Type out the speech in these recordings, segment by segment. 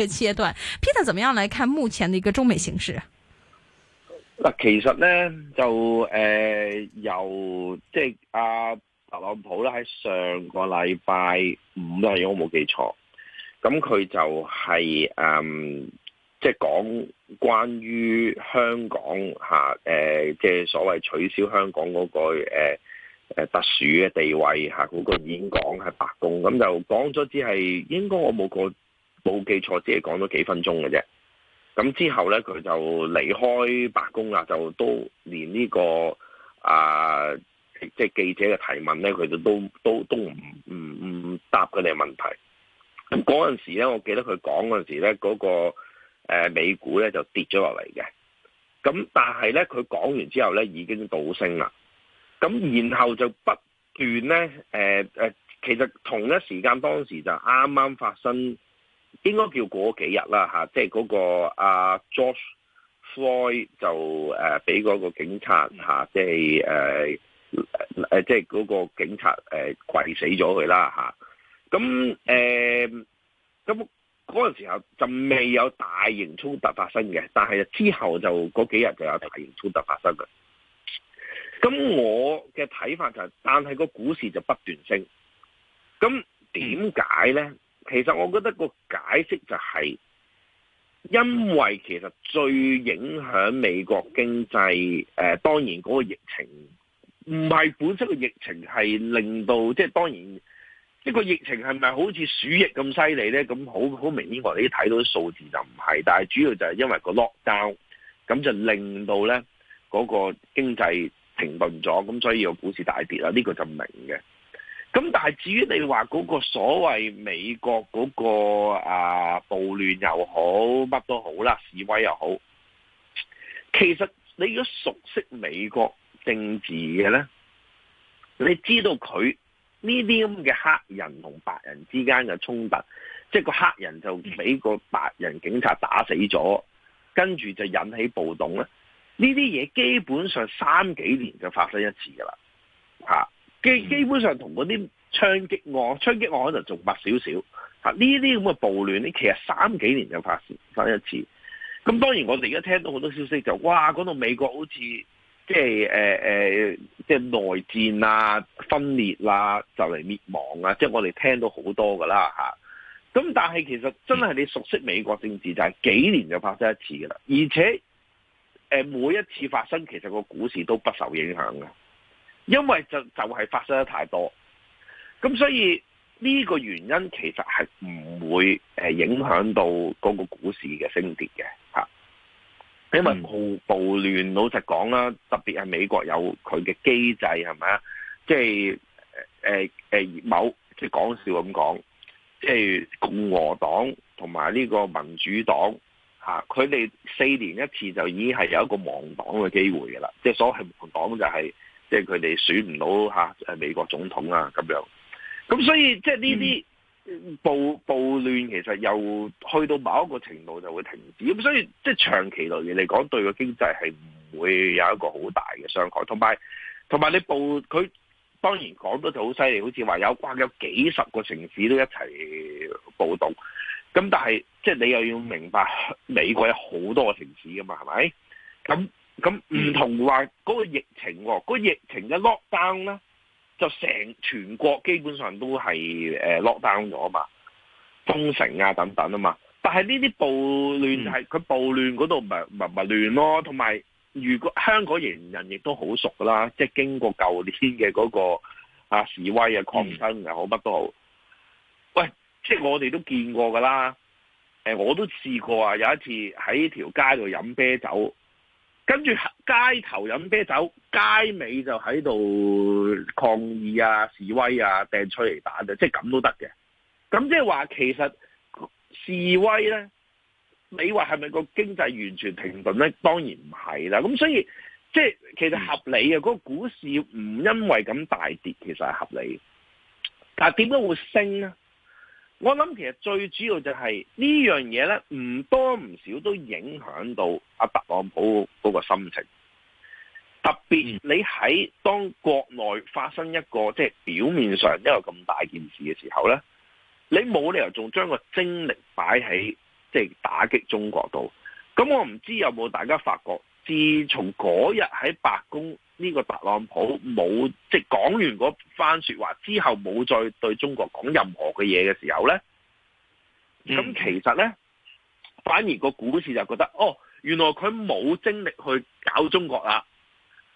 嘅階段，Peter 怎麼樣來看目前的一個中美形勢？嗱，其實咧就誒、呃、由即係阿、啊、特朗普咧喺上個禮拜五日，如果我冇記錯，咁佢就係、是、誒、嗯、即係講關於香港吓誒、啊呃、即係所謂取消香港嗰、那個誒誒、啊、特殊嘅地位吓、那個演講喺白宮，咁就講咗只係應該我冇過。冇記錯，只係講咗幾分鐘嘅啫。咁之後咧，佢就離開白宮啦，就都連呢個啊、呃，即係記者嘅提問咧，佢就都都都唔唔唔答佢哋問題。咁嗰陣時咧，我記得佢講嗰陣時咧，嗰個、呃、美股咧就跌咗落嚟嘅。咁但係咧，佢講完之後咧已經倒升啦。咁然後就不斷咧，誒、呃、誒、呃，其實同一時間當時就啱啱發生。應該叫嗰幾日啦吓，即、啊、係、就是那個阿、啊、George Floyd 就誒俾嗰個警察吓，即係誒誒即係嗰個警察誒、啊、跪死咗佢啦吓。咁誒咁嗰陣時候就未有大型衝突發生嘅，但係之後就嗰幾日就有大型衝突發生嘅。咁我嘅睇法就係、是，但係個股市就不斷升。咁點解咧？其實我覺得個解釋就係，因為其實最影響美國經濟，誒當然嗰個疫情，唔係本身個疫情係令到，即係當然呢個疫情係咪好似鼠疫咁犀利咧？咁好好明顯，我哋睇到啲數字就唔係，但係主要就係因為個 lockdown，咁就令到咧嗰個經濟停頓咗，咁所以個股市大跌啦，呢個就明嘅。咁但係至於你話嗰個所謂美國嗰個啊暴亂又好乜都好啦示威又好，其實你如果熟悉美國政治嘅咧，你知道佢呢啲咁嘅黑人同白人之間嘅衝突，即係個黑人就俾個白人警察打死咗，跟住就引起暴動咧。呢啲嘢基本上三幾年就發生一次噶啦，啊基基本上同嗰啲槍擊案，槍擊案可能仲白少少，嚇呢啲咁嘅暴亂，呢其實三幾年就發生一次。咁當然我哋而家聽到好多消息就哇，講到美國好似即係誒、呃、即係內戰啊、分裂啦、就嚟滅亡啊，即係我哋聽到好多噶啦嚇，咁但係其實真係你熟悉美國政治就係幾年就發生一次噶啦，而且每一次發生其實個股市都不受影響嘅。因為就就係、是、發生得太多，咁所以呢個原因其實係唔會誒影響到嗰個股市嘅升跌嘅吓，因為暴暴亂老實講啦，特別係美國有佢嘅機制係咪啊？即係誒誒某即係講笑咁講，即、就、係、是、共和黨同埋呢個民主黨吓，佢、啊、哋四年一次就已經係有一個亡黨嘅機會噶啦，即、就、係、是、所謂亡黨就係、是。即係佢哋選唔到嚇，美國總統啊咁樣。咁所以即係呢啲暴、嗯、暴亂，其實又去到某一個程度就會停止。咁所以即係長期來嘅嚟講，對個經濟係唔會有一個好大嘅傷害。同埋同埋你暴佢當然講得就好犀利，好似話有話有幾十個城市都一齊暴動。咁但係即係你又要明白美國有好多個城市㗎嘛，係咪？咁咁唔同話嗰，那個疫情喎，哦，嗰，那個，疫情嘅 lockdown 咧，就成全國基本上都係誒 lockdown 咗啊嘛，封城啊等等啊嘛。但係呢啲暴亂係、就、佢、是嗯，暴亂嗰度唔係唔唔亂咯，同埋如果香港人亦都好熟㗎啦，即係經過舊年嘅嗰，那個啊示威啊抗爭又好乜都好。喂，即係我哋都見過㗎啦。我都試過啊，有一次喺條街度飲啤酒。跟住街頭飲啤酒，街尾就喺度抗議啊示威啊掟催淚彈，嘅即係咁都得嘅。咁即係話其實示威咧，你話係咪個經濟完全停頓咧？當然唔係啦。咁所以即係其實合理嘅，嗰個股市唔因為咁大跌，其實係合理。但點解會升咧？我諗其實最主要就係呢樣嘢，呢唔多唔少都影響到阿特朗普嗰個心情。特別你喺當國內發生一個即係、就是、表面上一個咁大件事嘅時候呢，你冇理由仲將個精力擺喺即係打擊中國度。咁我唔知有冇大家發覺，自從嗰日喺白宮。呢個特朗普冇即係講完嗰番說話之後，冇再對中國講任何嘅嘢嘅時候呢，咁其實呢，反而個股市就覺得哦，原來佢冇精力去搞中國啦。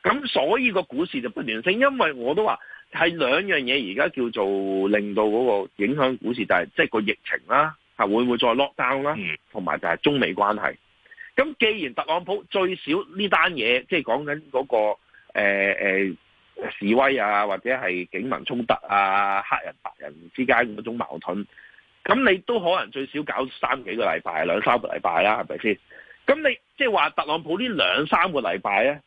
咁所以個股市就不斷升，因為我都話係兩樣嘢而家叫做令到嗰個影響股市，就係即係個疫情啦，係會唔會再 lock down 啦，同埋就係中美關係。咁既然特朗普最少呢單嘢，即係講緊嗰個。誒誒、呃呃，示威啊，或者係警民衝突啊，黑人白人之間嗰種矛盾，咁你都可能最少搞三幾個禮拜，兩三個禮拜啦、啊，係咪先？咁你即係話特朗普呢兩三個禮拜咧，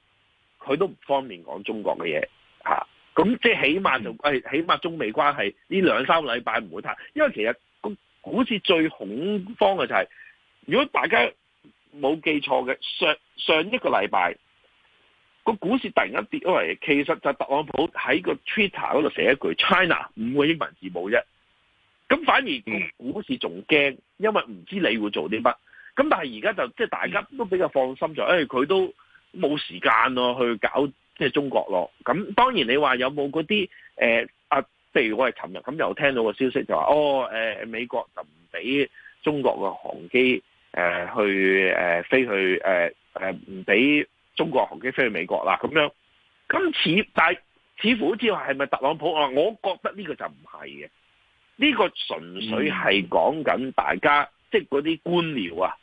佢都唔方便講中國嘅嘢吓，咁即係起碼就誒，起碼中美關係呢兩三個禮拜唔會太，因為其實好似最恐慌嘅就係、是，如果大家冇記錯嘅上上一個禮拜。個股市突然間跌咗嚟，其實就特朗普喺個 Twitter 嗰度寫一句 China 五個英文字母啫，咁反而股市仲驚，因為唔知你會做啲乜。咁但係而家就即、就是、大家都比較放心就，誒、哎、佢都冇時間咯去搞即、就是、中國咯。咁當然你話有冇嗰啲誒啊？譬、呃、如我係尋日咁又聽到個消息就話，哦誒、呃、美國就唔俾中國嘅航機誒、呃、去誒、呃、飛去誒唔俾。呃呃中國航機飛去美國啦，咁樣，咁似，但係似乎好似話係咪特朗普？我覺得呢個就唔係嘅，呢個純粹係講緊大家，即係嗰啲官僚啊，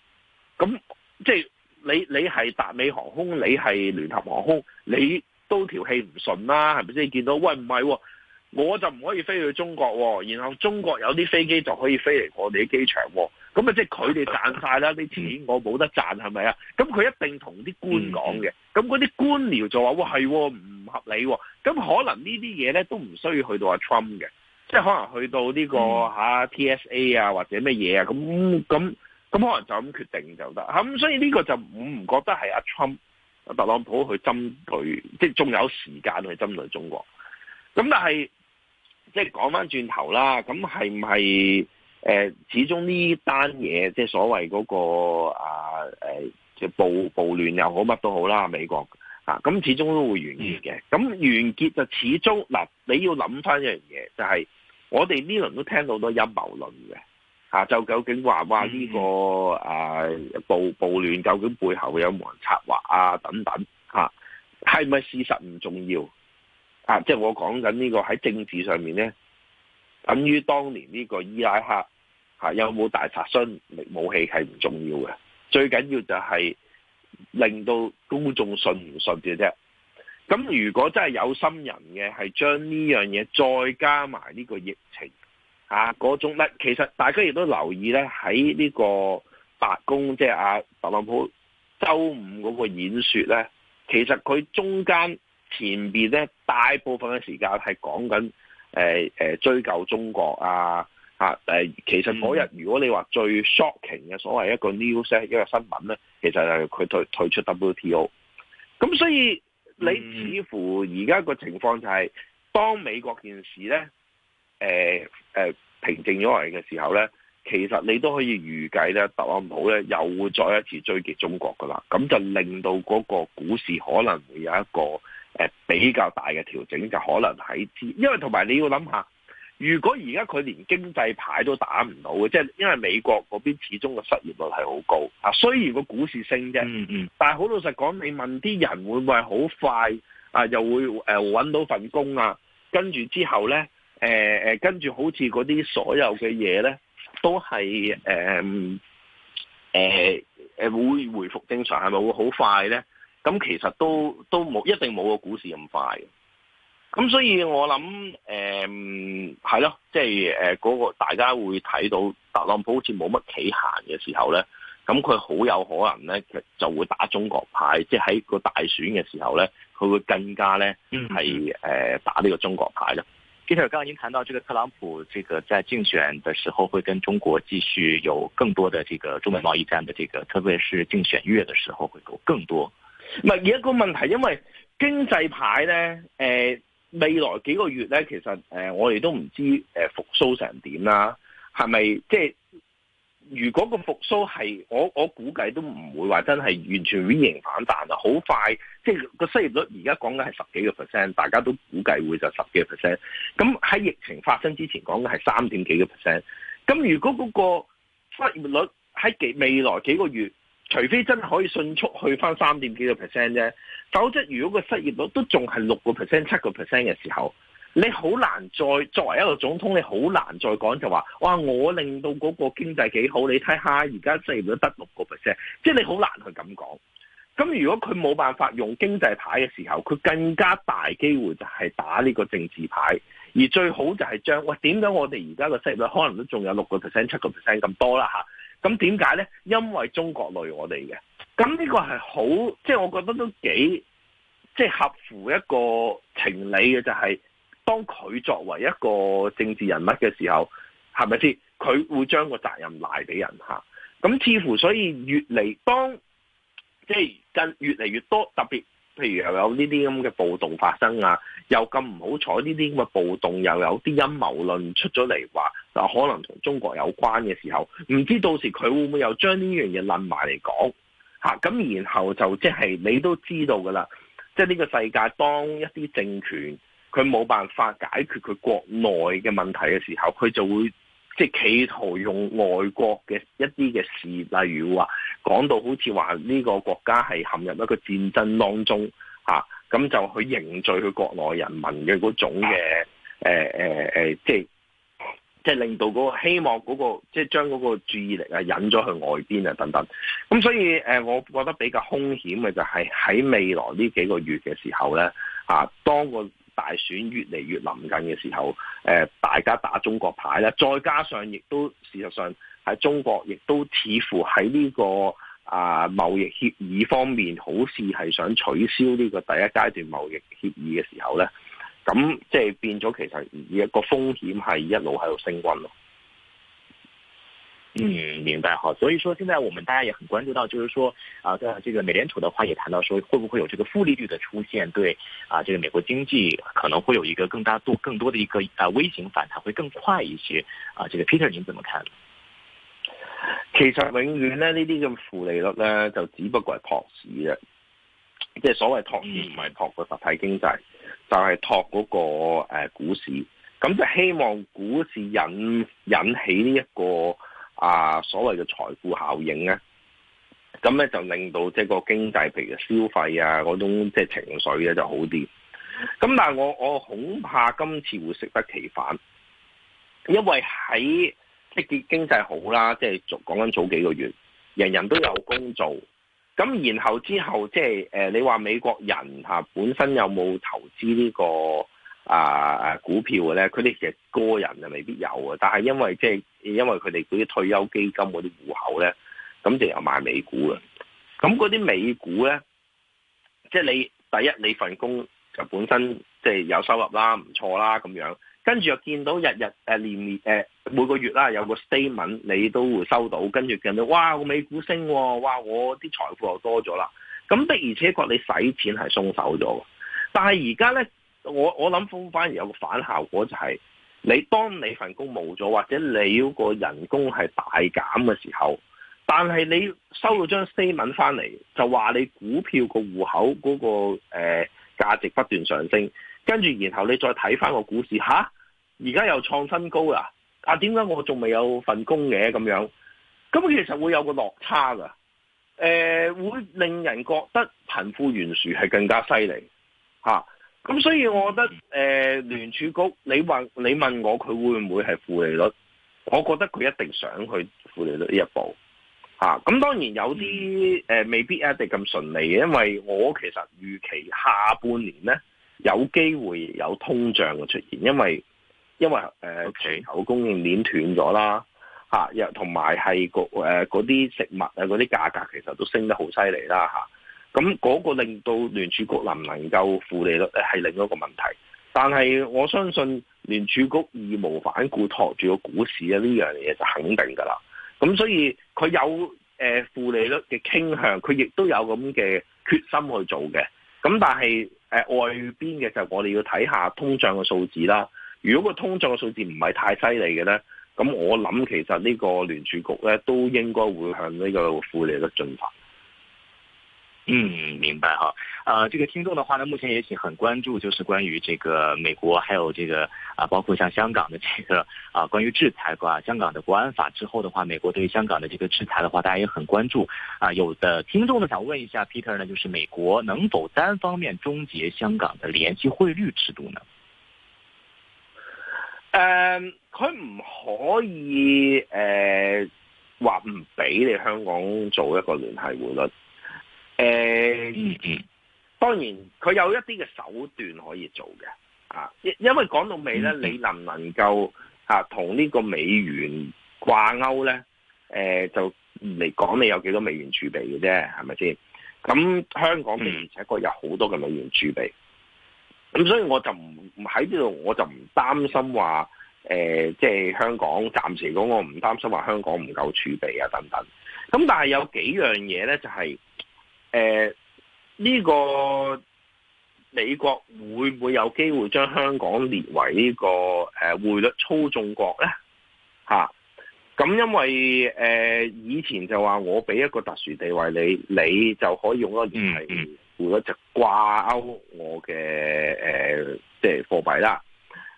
咁即係你你係達美航空，你係聯合航空，你都條氣唔順啦，係咪先？你見到喂唔係喎，我就唔可以飛去中國喎，然後中國有啲飛機就可以飛嚟我哋嘅機場喎。咁啊，即係佢哋賺晒啦啲錢，我冇得賺係咪啊？咁佢一定同啲官講嘅，咁嗰啲官僚就話，喂，係，唔合理。咁可能呢啲嘢咧都唔需要去到阿 Trump 嘅，即係可能去到呢個吓 TSA 啊，啊或者乜嘢啊，咁咁咁可能就咁決定就得。咁所以呢個就唔唔覺得係阿 Trump 阿特朗普去針對，即係仲有時間去針對中國。咁但係即係講翻轉頭啦，咁係唔係？誒，始終呢單嘢，即係所謂嗰、那個啊，誒，即係暴暴亂又好，乜都好啦，美國咁、啊、始終都會完結嘅。咁、嗯、完結就始終嗱、啊，你要諗翻一樣嘢，就係、是、我哋呢輪都聽到好多陰謀論嘅、啊、就究竟話話呢個啊暴暴亂究竟背後會有冇人策劃啊等等吓，係、啊、咪事實唔重要啊？即係我講緊呢個喺政治上面咧，等於當年呢個伊拉克。吓、啊、有冇大殺傷力武器係唔重要嘅，最緊要就係令到公眾信唔信嘅啫。咁如果真係有心人嘅，係將呢樣嘢再加埋呢個疫情吓嗰、啊、種咧，其實大家亦都留意咧喺呢在這個白宮，即係阿特朗普周五嗰個演說咧，其實佢中間前邊咧大部分嘅時間係講緊誒誒追究中國啊。啊！誒，其實嗰日如果你話最 shocking 嘅所謂一個 news 一個新聞咧，其實係佢退退出 WTO。咁所以你似乎而家個情況就係、是、當美國件事咧，誒、呃、誒、呃、平靜咗嚟嘅時候咧，其實你都可以預計咧，特朗普咧又會再一次追擊中國噶啦。咁就令到嗰個股市可能會有一個誒、呃、比較大嘅調整，就可能喺因為同埋你要諗下。如果而家佢連經濟牌都打唔到嘅，即係因為美國嗰邊始終個失業率係好高啊。雖然個股市升啫，嗯嗯、但係好老實講，你問啲人會唔會好快啊？又會誒揾、呃、到份工啊？跟住之後咧，誒、呃、誒，跟住好似嗰啲所有嘅嘢咧，都係誒誒誒會回復正常係咪會好快咧？咁其實都都冇一定冇個股市咁快嘅。咁所以我諗，誒、嗯，係咯，即係誒嗰個大家會睇到特朗普好似冇乜期限嘅時候咧，咁佢好有可能咧，就就會打中國牌，即係喺個大選嘅時候咧，佢會更加咧係誒打呢個中國牌啦。Peter，剛剛談到這個特朗普，這個在競選嘅時候會跟中國繼續有更多的這個中美貿易戰的這個，特別是競選月嘅時候會有更多。唔係而一個問題，因為經濟牌咧，誒、呃。未來幾個月咧，其實誒、呃，我哋都唔知誒、呃、復甦成點啦，係咪即係如果個復甦係我我估計都唔會話真係完全 V 型反彈啊！好快即係個失業率而家講緊係十幾個 percent，大家都估計會就十幾個 percent。咁喺疫情發生之前講緊係三點幾個 percent。咁如果嗰個失業率喺幾未來幾個月，除非真係可以迅速去返三點幾個 percent 啫，否則如果個失業率都仲係六個 percent、七個 percent 嘅時候，你好難再作為一個總統，你好難再講就話，哇！我令到嗰個經濟幾好？你睇下而家失業率得六個 percent，即係你好難去咁講。咁如果佢冇辦法用經濟牌嘅時候，佢更加大機會就係打呢個政治牌，而最好就係將喂，點解我哋而家個失業率可能都仲有六個 percent、七個 percent 咁多啦嚇。咁點解咧？因為中國類我哋嘅，咁呢個係好，即係我覺得都幾，即係合乎一個情理嘅，就是，就係當佢作為一個政治人物嘅時候，係咪先？佢會將個責任賴俾人吓。咁似乎所以越嚟當，即係更越嚟越多特別。譬如又有呢啲咁嘅暴動發生啊，又咁唔好彩呢啲咁嘅暴動又有啲陰謀論出咗嚟話，嗱，可能同中國有關嘅時候，唔知到時佢會唔會又將呢樣嘢攬埋嚟講吓，咁、啊、然後就即係、就是、你都知道噶啦，即係呢個世界當一啲政權佢冇辦法解決佢國內嘅問題嘅時候，佢就會。即係企圖用外國嘅一啲嘅事，例如話講到好似話呢個國家係陷入一個戰爭當中，吓、啊、咁就去凝聚佢國內人民嘅嗰種嘅誒誒誒，即係即係令到嗰個希望嗰、那個即係將嗰個注意力啊引咗去外邊啊等等。咁所以誒，我覺得比較凶險嘅就係喺未來呢幾個月嘅時候咧，吓、啊、當個。大選越嚟越臨近嘅時候，誒大家打中國牌咧，再加上亦都事實上喺中國亦都似乎喺呢個啊貿易協議方面，好似係想取消呢個第一階段貿易協議嘅時候咧，咁即係變咗其實而一個風險係一路喺度升溫咯。嗯，明白。好，所以說現在我們大家也很關注到，就是說，啊，在這個美聯儲的話也談到說，會不會有這個負利率的出現，對，啊，這個美國經濟可能會有一個更加多、更多的一個啊，微型反彈會更快一些，啊，這個 Peter，您怎麼看？其實永遠咧呢啲咁負利率呢就只不過係托市嘅，即係所謂托市唔係托個實體經濟，就係托嗰個誒，呃，股市，咁就希望股市引引起呢一個。啊，所謂嘅財富效應咧，咁咧就令到即係個經濟，譬如消費啊嗰種即係情緒咧就好啲。咁但係我我恐怕今次會適得其反，因為喺即係經濟好啦，即係早講緊早幾個月，人人都有工做。咁然後之後即係誒，你話美國人嚇、啊、本身有冇投資呢、這個？啊啊！股票咧，佢哋其實個人就未必有嘅，但係因為即係、就是、因為佢哋嗰啲退休基金嗰啲戶口咧，咁就有買美股啦。咁嗰啲美股咧，即係你第一你份工就本身即係、就是、有收入啦，唔錯啦咁樣，跟住又見到日日誒年年誒每個月啦、啊、有個 statement 你都會收到，跟住見到哇個美股升、哦，哇我啲財富又多咗啦。咁的而且確你使錢係鬆手咗，但係而家咧。我我諗反而有個反效果就係，你當你份工冇咗或者你嗰個人工係大減嘅時候，但係你收到張 statement 翻嚟就話你股票戶、那個戶口嗰個誒價值不斷上升，跟住然後你再睇翻個股市吓，而家又創新高啦！啊，點解、啊、我仲未有份工嘅咁樣？咁其實會有個落差噶誒、呃、會令人覺得貧富懸殊係更加犀利吓。啊咁所以，我覺得誒、呃、聯儲局，你話你問我佢會唔會係負利率？我覺得佢一定想去負利率呢一步。嚇、啊！咁當然有啲誒、呃、未必一定咁順利嘅，因為我其實預期下半年咧有機會有通脹嘅出現，因為因為誒有、呃、Okay. 供應鏈斷咗啦，又同埋係嗰嗰啲食物啊嗰啲價格其實都升得好犀利啦，啊。咁嗰個令到聯儲局能唔能夠負利率係另一個問題，但係我相信聯儲局義無反顧托住個股市啊！呢樣嘢就肯定㗎啦。咁所以佢有負利率嘅傾向，佢亦都有咁嘅決心去做嘅。咁但係誒外邊嘅就我哋要睇下通脹嘅數字啦。如果個通脹嘅數字唔係太犀利嘅咧，咁我諗其實呢個聯儲局咧都應該會向呢個負利率進發。嗯，明白哈。呃、啊，這個聽眾的話呢，目前也挺很關注，就是關於這個美國還有這個啊，包括像香港的這個啊，關於制裁啊，香港的國安法之後的話，美國對香港的這個制裁的話，大家也很關注。啊，有的聽眾呢想問一下 Peter 呢，就是美國能否單方面終結香港的聯繫匯率制度呢？呃、嗯，佢唔可以，誒、呃，話唔俾你香港做一個聯繫匯率。誒、呃，當然佢有一啲嘅手段可以做嘅，啊，因因為講到尾咧，嗯、你能唔能夠啊同呢個美元掛鈎咧？誒、呃，就嚟講，你有幾多美元儲備嘅啫，係咪先？咁香港並且確有好多嘅美元儲備，咁、嗯、所以我就唔喺呢度，我就唔擔心話，誒、呃，即、就、係、是、香港暫時講，我唔擔心話香港唔夠儲備啊等等。咁但係有幾樣嘢咧，就係、是。誒，呢、呃這個美國會唔會有機會將香港列為呢、這個誒、呃、匯率操縱國咧？吓、啊，咁因為誒、呃、以前就話我俾一個特殊地位你，你就可以用嗰個聯繫匯率就掛鈎我嘅誒、呃、即係貨幣啦。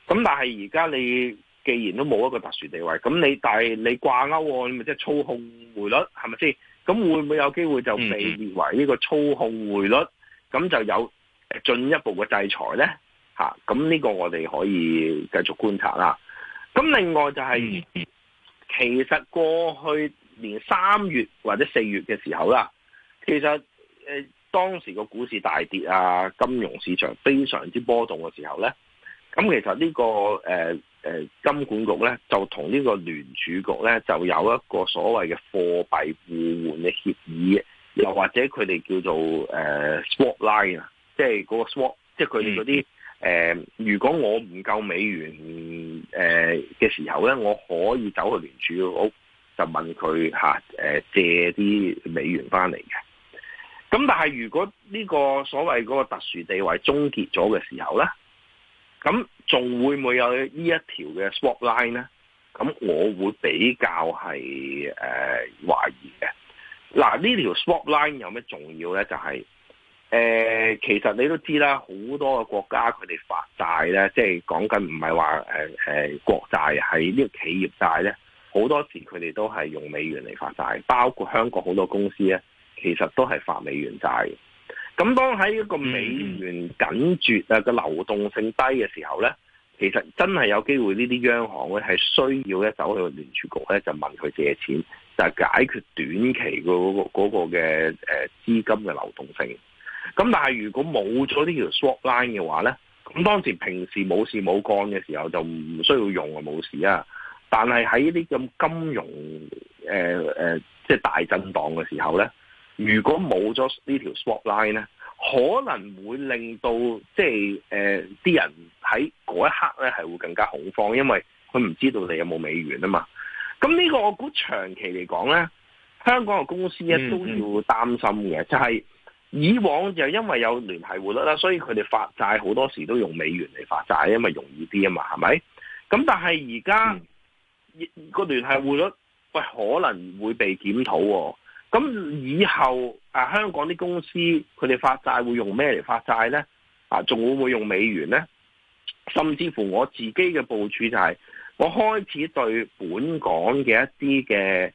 咁但係而家你既然都冇一個特殊地位，咁你但係你掛鈎，你咪即係操控匯率，係咪先？咁會唔會有機會就被列為呢個操控匯率，咁就有進一步嘅制裁呢？嚇，咁呢個我哋可以繼續觀察啦。咁另外就係，其實過去年三月或者四月嘅時候啦，其實呃、當時個股市大跌啊，金融市場非常之波動嘅時候呢，咁其實呢個、呃誒金管局咧就同呢個聯儲局咧就有一個所謂嘅貨幣互換嘅協議，又或者佢哋叫做誒、呃、swap line 啊，即係嗰個 swap 即係佢哋嗰啲誒，如果我唔夠美元誒嘅、呃、時候咧，我可以走去聯儲局就問佢嚇誒借啲美元翻嚟嘅。咁但係如果呢個所謂嗰個特殊地位終結咗嘅時候咧？咁仲會唔會有呢一條嘅 swap line 咧？咁我會比較係、呃、懷疑嘅。嗱，呢條 swap line 有咩重要咧？就係、是呃、其實你都知啦，好多嘅國家佢哋發債咧，即係講緊唔係話呃、呃、國債，喺呢個企業債咧，好多時佢哋都係用美元嚟發債，包括香港好多公司咧，其實都係發美元債。咁當喺一個美元緊絕啊，個流動性低嘅時候咧，嗯、其實真係有機會呢啲央行咧係需要咧走去聯儲局咧就問佢借錢，就解決短期嗰個嗰個嘅資金嘅流動性。咁但係如果冇咗呢條 swap line 嘅話咧，咁當時平時冇事冇幹嘅時候就唔需要用啊冇事啊，但係喺呢啲咁金融即係、呃呃即係、大震盪嘅時候咧。如果冇咗呢條 swap line 咧，可能會令到即係啲人喺嗰一刻咧係會更加恐慌，因為佢唔知道你有冇美元啊嘛。咁呢個我估長期嚟講咧，香港嘅公司咧都要擔心嘅。嗯、就係以往就因為有聯繫匯率啦，所以佢哋發債好多時都用美元嚟發債，因為容易啲啊嘛，係咪？咁但係而家個聯繫匯率喂可能會被檢討、啊。咁以後啊，香港啲公司佢哋發債會用咩嚟發債呢？啊，仲會唔會用美元呢？甚至乎我自己嘅部署就係、是，我開始對本港嘅一啲嘅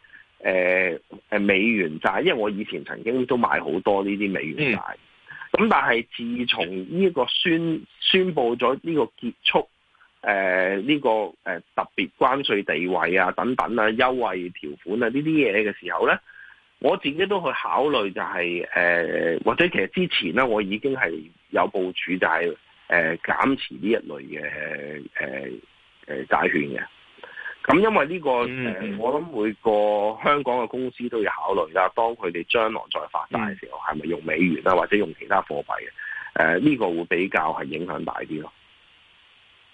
誒美元債，因為我以前曾經都買好多呢啲美元債。咁、嗯、但係自從呢個宣宣佈咗呢個結束誒呢、呃呢個誒特別關稅地位啊、等等啊、優惠條款啊呢啲嘢嘅時候呢。我自己都去考慮、就是，就係誒，或者其實之前咧，我已經係有部署、就是，就係誒減持呢一類嘅誒誒債券嘅。咁因為呢、這個、嗯呃、我諗每個香港嘅公司都要考慮啦。當佢哋將來再發債嘅時候，係咪、嗯、用美元啊，或者用其他貨幣嘅？誒、呃、呢、這個會比較係影響大啲咯。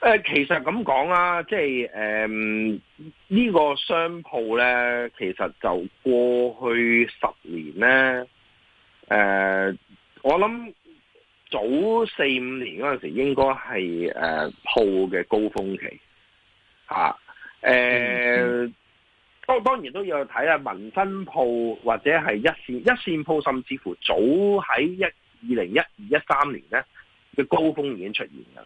誒、呃，其實咁講啊，即係誒，呢、呃這個商鋪咧，其實就過去十年咧，誒、呃，我諗早四五年嗰陣時，應該係誒、呃、鋪嘅高峰期吓，誒、啊呃嗯，當當然都要睇下民生鋪或者係一線一線鋪，甚至乎早喺一二零一二一三年咧嘅高峰已經出現啦。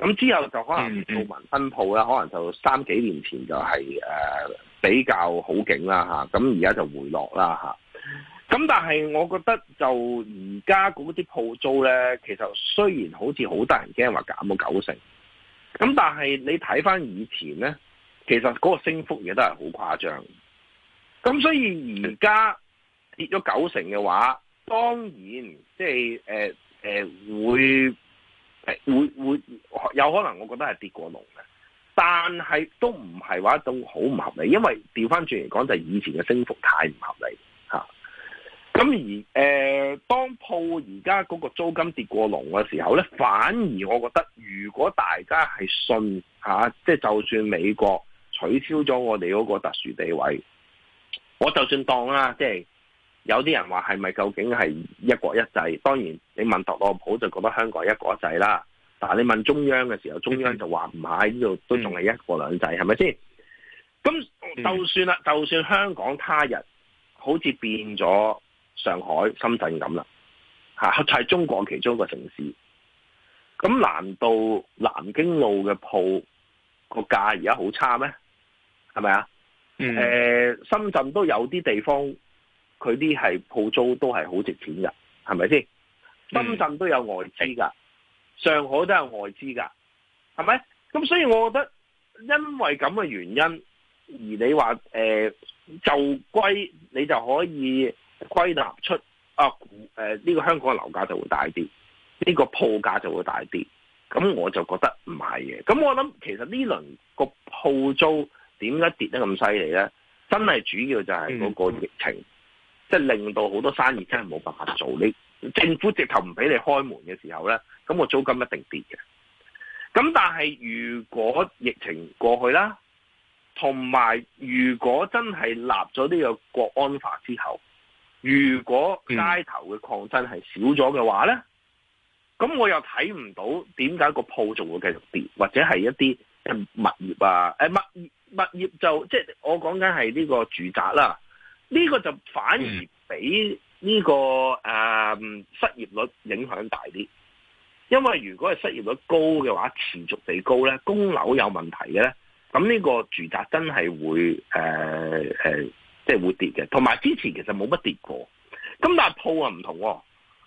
咁之後就可能做民生鋪啦，可能就三幾年前就係、是、誒、呃、比較好景啦，咁而家就回落啦，咁、啊、但係我覺得就而家嗰啲鋪租咧，其實雖然好似好得人驚話減咗九成，咁但係你睇翻以前咧，其實嗰個升幅亦都係好誇張。咁所以而家跌咗九成嘅話，當然即係誒誒會，會會有可能，我覺得係跌過龍嘅，但係都唔係話一種好唔合理，因為調翻轉嚟講，就係、是、以前嘅升幅太唔合理吓。咁、啊、而誒、呃，當鋪而家嗰個租金跌過龍嘅時候咧，反而我覺得，如果大家係信吓，即、啊、係、就是、就算美國取消咗我哋嗰個特殊地位，我就算當啦，即係。有啲人話係咪究竟係一國一制？當然，你問特朗普就覺得香港係一國一制啦。但係你問中央嘅時候，中央就話唔係呢度，都仲係一國兩制，係咪先？咁就算啦，就算香港他日好似變咗上海、深圳咁啦，吓就係中國其中一個城市。咁難道南京路嘅鋪個價而家好差咩？係咪啊？誒、嗯呃，深圳都有啲地方。佢啲係鋪租都係好值錢噶，係咪先？深圳都有外資噶，嗯、上海都有外資噶，係咪？咁所以，我覺得因為咁嘅原因，而你話、呃、就歸你就可以歸納出啊誒呢、呃呢個香港嘅樓價就會大啲，呢、呢個鋪價就會大啲。咁我就覺得唔係嘅。咁我諗其實呢輪個鋪租點解跌得咁犀利咧？真係主要就係嗰個疫情。嗯即係令到好多生意真係冇辦法做，你政府直頭唔俾你開門嘅時候咧，咁個租金一定跌嘅。咁但係如果疫情過去啦，同埋如果真係立咗呢個國安法之後，如果街頭嘅抗爭係少咗嘅話咧，咁我又睇唔到點解個鋪仲會繼續跌，或者係一啲即係物業啊，誒物業物業就即係、就是、我講緊係呢個住宅啦。呢個就反而比呢、這個誒、嗯嗯、失業率影響大啲，因為如果係失業率高嘅話，持續地高咧，供樓有問題嘅咧，咁呢個住宅真係會誒誒、呃呃，即係會跌嘅。同埋之前其實冇乜跌過，咁但係鋪啊唔同、哦，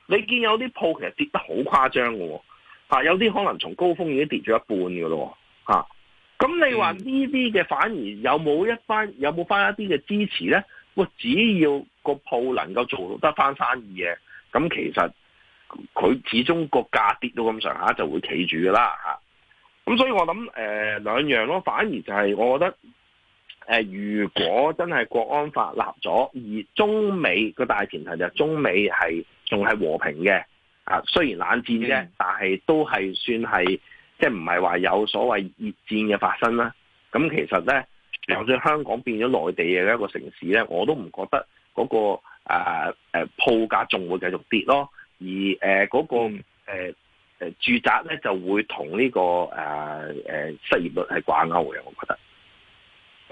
你見有啲鋪其實跌得好誇張嘅喎，有啲可能從高峰已經跌咗一半嘅咯，嚇、啊。咁你話呢啲嘅反而有冇一翻有冇翻一啲嘅支持咧？我只要個鋪能夠做得翻生意嘅，咁其實佢始終個價跌到咁上下就會企住噶啦嚇。咁所以我諗誒、呃、兩樣咯，反而就係我覺得、呃、如果真係國安法立咗，而中美個大前提就係、係、中美係仲係和平嘅啊，雖然冷戰啫，嗯、但係都係算係即係唔係話有所謂熱戰嘅發生啦。咁其實咧。就算香港變咗內地嘅一個城市呢，我都唔覺得嗰、嗰個啊，啊鋪價仲會繼續跌囉。而嗰個誒誒住宅咧就會同呢、呢個誒、啊啊、失業率係掛鈎嘅，我覺得。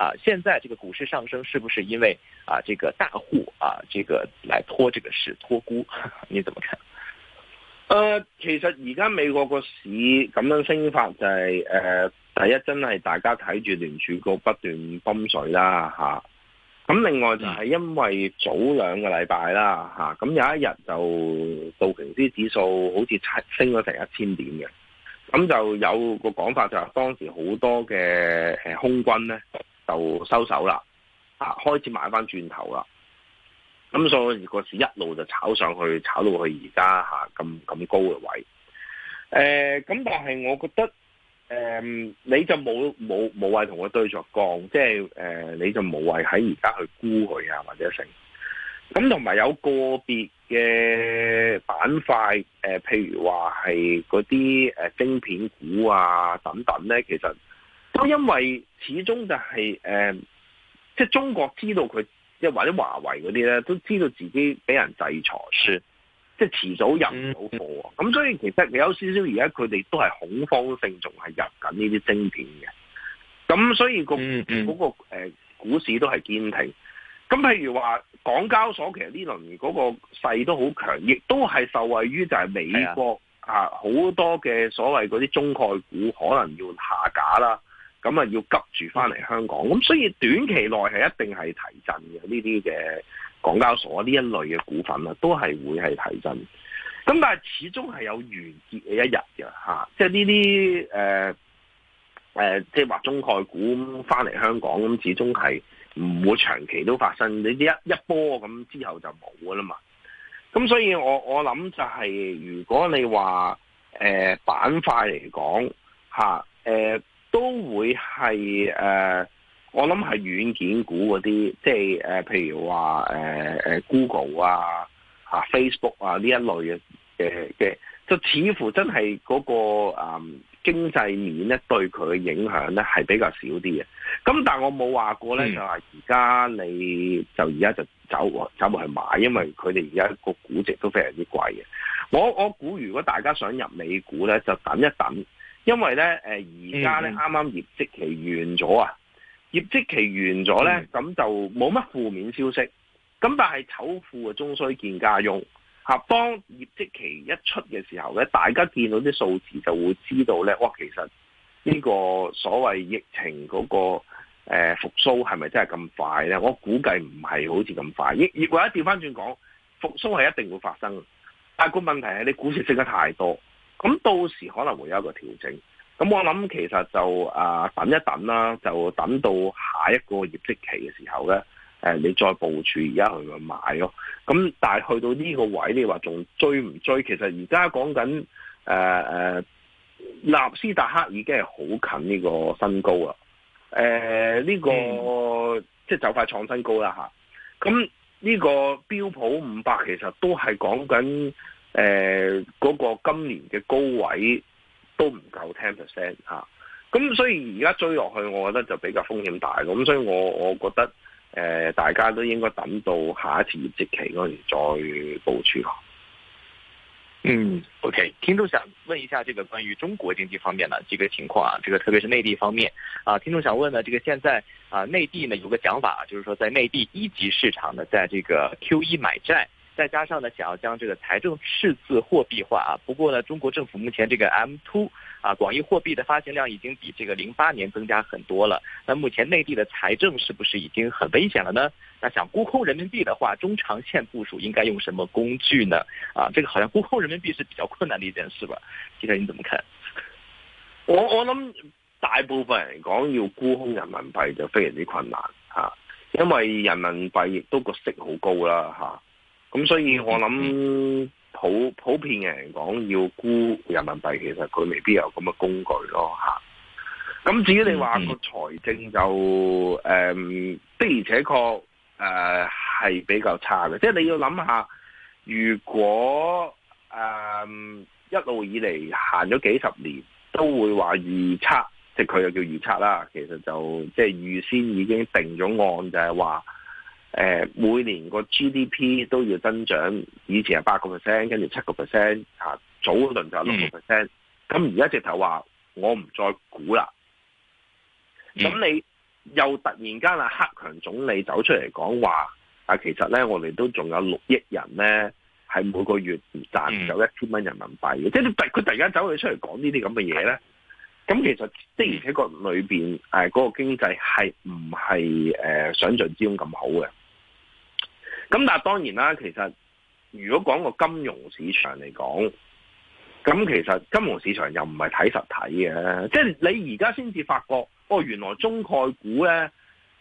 啊，現在這個股市上升是不是因為啊，這個大戶啊，這個來托這個市托沽？你怎麼看？誒、呃，其實而家美國個市咁樣升法就係、是、誒、呃，第一真係大家睇住聯儲局不斷泵水啦吓，咁、啊啊、另外就係因為早兩個禮拜啦吓，咁、啊、有一日就道瓊斯指數好似升咗成一千點嘅，咁就有個講法就話當時好多嘅誒空軍咧。就收手啦，啊，開始買翻轉頭啦，咁所以個市一路就炒上去，炒到去而家吓咁咁高嘅位。誒、呃，咁但係我覺得，誒、呃，你就冇冇冇謂同佢對着降，即係誒、呃，你就冇謂喺而家去沽佢啊或者成。咁同埋有個別嘅板塊，誒、呃，譬如話係嗰啲誒晶片股啊等等咧，其實。都因為始終就係、是、誒、呃，即係中國知道佢，即係或者華為嗰啲咧都知道自己俾人制裁，輸是，即係遲早入唔到貨。咁所以其實你有少少而家佢哋都係恐慌性，仲係入緊呢啲晶片嘅。咁所以個嗰、嗯嗯、個股市都係堅挺。咁譬如話港交所其實呢輪嗰個勢都好強，亦都係受惠於就係美國啊好、啊、多嘅所謂嗰啲中概股可能要下架啦。咁啊，要急住翻嚟香港，咁所以短期內係一定係提振嘅呢啲嘅港交所呢一類嘅股份啊，都係會係提振。咁但係始終係有完結嘅一日嘅吓，即係呢啲誒誒，即係話中概股翻嚟香港，咁始終係唔會長期都發生。你啲一一波咁之後就冇噶啦嘛。咁所以我我諗就係、是、如果你話誒板塊嚟講吓誒。呃都會係誒、呃，我諗係軟件股嗰啲，即係誒、呃，譬如話誒、呃、Google 啊，啊、Facebook 啊呢一類嘅嘅、呃，就似乎真係嗰、那個誒、嗯、經濟面咧對佢嘅影響咧係比較少啲嘅。咁、嗯、但係我冇話過咧，嗯、就係而家你就而家就走走埋去買，因為佢哋而家個估值都非常之貴嘅。我我估如果大家想入美股咧，就等一等。因為咧，誒、呃，而家咧，啱啱、嗯、業績期完咗啊。業績期完咗咧，咁、嗯、就冇乜負面消息。咁但係醜婦嘅終須見家用，吓、啊，當業績期一出嘅時候咧，大家見到啲數字就會知道咧，哇、哦，其實呢個所謂疫情嗰、那個誒復甦係咪真係咁快咧？我估計唔係好似咁快。亦或者掉返轉講，復甦係一定會發生，但係個問題係你股市升得太多。咁到時可能會有一個調整，咁我諗其實就、呃、等一等啦，就等到下一個業績期嘅時候咧、呃，你再部署而家去買咯。咁但係去到呢個位，你話仲追唔追？其實而家講緊誒誒納斯達克已經係好近呢個新高啦誒呢個、嗯、即係就快創新高啦嚇。咁呢個標普五百其實都係講緊。誒，嗰、呃那個今年嘅高位都唔夠 ten percent 吓，咁、啊、所以而家追落去，我覺得就比較風險大，咁所以我我覺得誒、呃，大家都應該等到下一次業績期嗰陣時再部署咯。啊、嗯，OK，聽眾想問一下，這個關於中國經濟方面的幾、這個情況啊，這個特別是內地方面啊，聽眾想問呢，這個現在啊內地呢有個講法，就是說在內地一級市場呢，在這個 QE 買債。再加上呢，想要將這個財政赤字貨幣化啊。不過呢，中國政府目前這個 M2 啊，廣義貨幣的發行量已經比這個零八年增加很多了。那目前內地的財政是不是已經很危險了呢？那想沽空人民幣的話，中長線部署應該用什麼工具呢？啊，這個好像沽空人民幣是比較困難的一件事吧？現在你怎麼看？我我諗大部分講要沽空人民幣就非常之困難啊，因為人民幣都個息好高啦哈。啊咁所以我諗普普遍嘅人講要沽人民幣，其實佢未必有咁嘅工具咯吓。咁至於你話個財政就誒、嗯、的而且確誒係比較差嘅，即係你要諗下，如果誒、呃、一路以嚟行咗幾十年，都會話預測，即係佢又叫預測啦，其實就即係預先已經定咗案，就係話。誒、呃，每年個 GDP 都要增長，以前係八個 percent，跟住七個 percent，吓早嗰輪就六個 percent，咁而家直頭話我唔再估啦。咁、嗯、你又突然間阿克強總理走出嚟講話，啊其實咧我哋都仲有六億人咧，係每個月賺唔到一千蚊人民幣嘅，嗯、即係佢突然間走咗出嚟講呢啲咁嘅嘢咧。咁、嗯、其實的而且個裏邊誒嗰個經濟係唔係誒想象之中咁好嘅。咁但係當然啦，其實如果講個金融市場嚟講，咁其實金融市場又唔係睇實體嘅，即係你而家先至發覺，哦原來中概股咧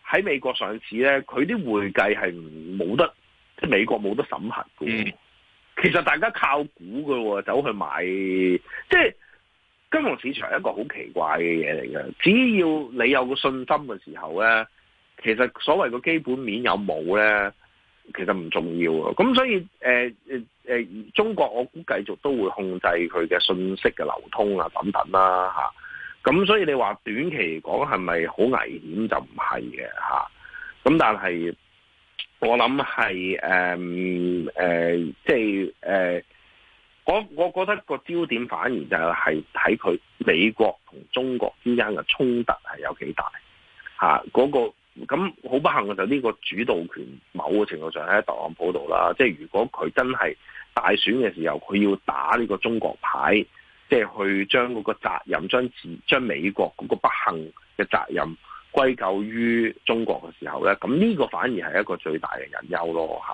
喺美國上市咧，佢啲會計係冇得，即係美國冇得審核㗎。其實大家靠估㗎，走去買，即係金融市場一個好奇怪嘅嘢嚟嘅。只要你有個信心嘅時候咧，其實所謂個基本面有冇咧？其實唔重要啊，咁所以誒誒誒，中國我估繼續都會控制佢嘅信息嘅流通等等啊，等等啦吓。咁所以你話短期嚟講係咪好危險就唔係嘅吓。咁、啊、但係我諗係誒誒，即係誒，我我覺得個焦點反而就係喺佢美國同中國之間嘅衝突係有幾大吓，啊嗰個。咁好不幸嘅就呢個主導權，某個程度上喺特朗普度啦。即係如果佢真係大選嘅時候，佢要打呢個中國牌，即係去將嗰個責任、將自、將美國嗰個不幸嘅責任歸咎於中國嘅時候咧，咁呢個反而係一個最大嘅隱憂咯，吓。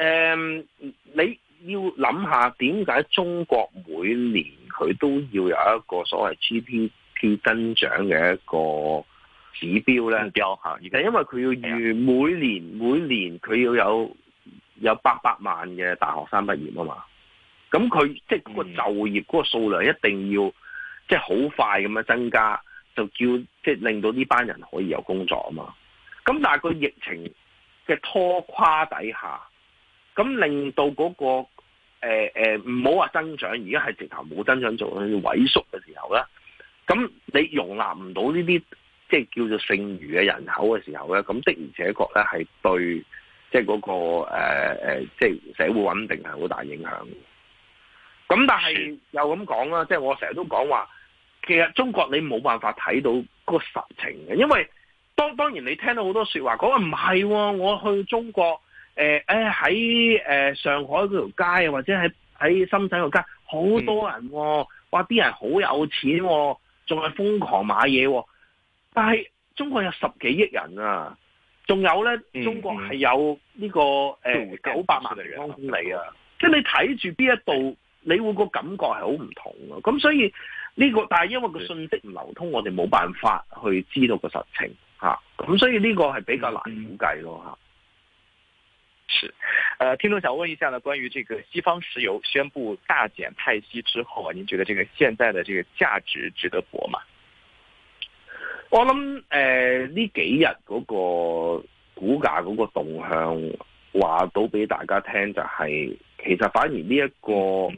誒、嗯，你要諗下點解中國每年佢都要有一個所謂 GDP 增長嘅一個指標咧？指下而就因為佢要預每年每年佢要有有八百萬嘅大學生畢業啊嘛，咁佢即係嗰個就業嗰個數量一定要即係好快咁樣增加，就叫即係、就是、令到呢班人可以有工作啊嘛。咁但係個疫情嘅拖垮底下。咁令到嗰、嗰個誒，唔好話增長，而家係直頭冇增長做，要萎縮嘅時候咧，咁你容納唔到呢啲即係叫做剩餘嘅人口嘅時候咧，咁的而且確咧係對即係、那、嗰個誒、呃、即係社會穩定係好大影響。咁但係又咁講啦，即係我成日都講話，其實中國你冇辦法睇到嗰個實情嘅，因為當，當然你聽到好多說話說，講話唔係，我去中國。誒誒喺誒上海嗰條街，或者喺喺深圳嗰條街，好多人、哦，哇、嗯！啲人好有錢、哦，仲係瘋狂買嘢、哦。但係中國有十幾億人啊，仲有咧，嗯嗯、中國係有呢、這個誒九百萬平方公里啊。即係、嗯嗯嗯、你睇住邊一度，嗯、你會個感覺係好唔同啊。咁所以呢、這個，但係因為個信息，唔流通，嗯、我哋冇辦法去知道個實情吓。咁、嗯啊啊啊、所以呢個係比較難估計咯吓。嗯嗯是，呃，聽眾想問一下呢，關於這個西方石油宣布大減派息之後啊，您覺得這個現在的這個價值值得博嗎？我諗誒呢幾日嗰個股價嗰個動向，話到俾大家聽就係、是，其實反而呢一個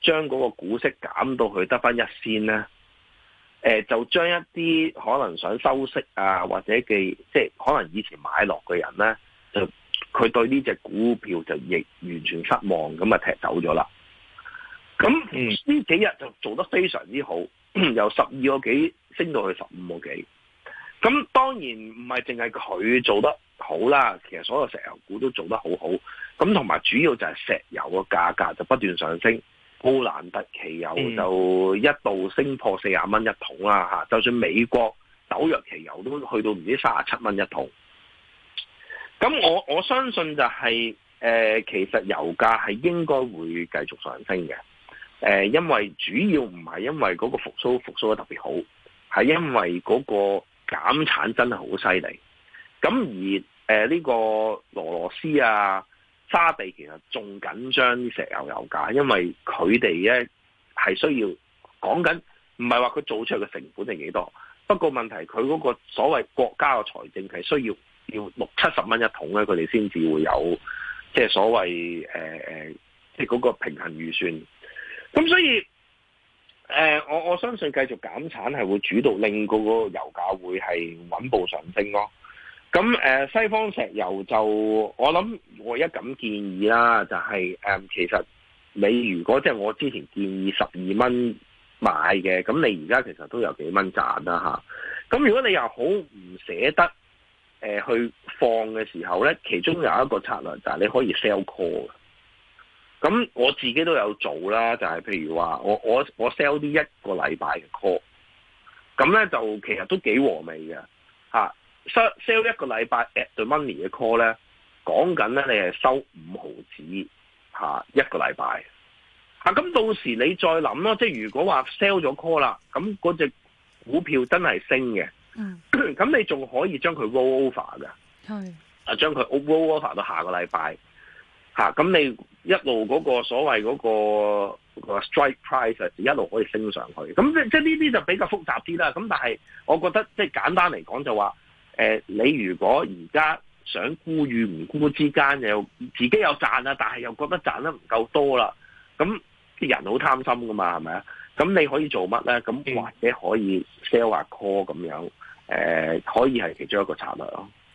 將嗰個股息減到去得翻一仙呢誒、呃、就將一啲可能想收息啊或者嘅即係可能以前買落嘅人呢就。佢對呢隻股票就亦完全失望，咁啊踢走咗啦。咁呢幾日就做得非常之好，由十二個幾升到去十五個幾。咁當然唔係淨係佢做得好啦，其實所有石油股都做得好好。咁同埋主要就係石油嘅價格就不斷上升，布蘭特期油就一度升破四十蚊一桶啦，嚇、嗯！就算美國紐約期油都去到唔知三十七蚊一桶。咁我我相信就係、是、誒、呃，其實油價係應該會繼續上升嘅。誒、呃，因為主要唔係因為嗰個復蘇復蘇得特別好，係因為嗰個減產真係好犀利。咁而誒呢、呃這個俄羅，羅斯啊，沙地其實仲緊張啲石油油價，因為佢哋咧係需要講緊，唔係話佢做出嘅成本係幾多。不過問題佢嗰個所謂國家嘅財政係需要。要六七十蚊一桶咧，佢哋先至會有即係所謂誒誒，即係嗰個平衡預算。咁所以誒，我我相信繼續減產係會主導令嗰個油價會係穩步上升咯。咁誒，西方石油就我諗，唯一咁建議啦，就係誒，其實你如果即係我之前建議十二蚊買嘅，咁你而家其實都有幾蚊賺啦嚇。咁如果你又好唔捨得。誒，去放嘅時候咧，其中有一個策略就係你可以 sell call 嘅。咁我自己都有做啦，就係、是、譬如話，我我我 sell 啲一個禮拜嘅 call，咁咧就其實都幾和味嘅吓。sell sell 一個禮拜 at the money 嘅 call 咧，講緊咧你係收五毫子吓一個禮拜。啊，咁、啊啊、到時你再諗咯，即係如果話 sell 咗 call 啦，咁嗰隻股票真係升嘅。咁、嗯、 你仲可以將佢 roll over 噶係啊是，將佢 roll over 到下個禮拜，吓、啊、咁你一路嗰個所謂嗰個 strike price 一路可以升上去，咁即即呢啲就比較複雜啲啦。咁但係我覺得即簡單嚟講就話，誒、呃，你如果而家想沽與唔沽之間又自己有賺啦，但係又覺得賺得唔夠多啦，咁啲人好貪心噶嘛，係咪啊？咁你可以做乜咧？咁或者可以 sell 或 call 咁樣。誒、呃、可以係其中一個策略咯。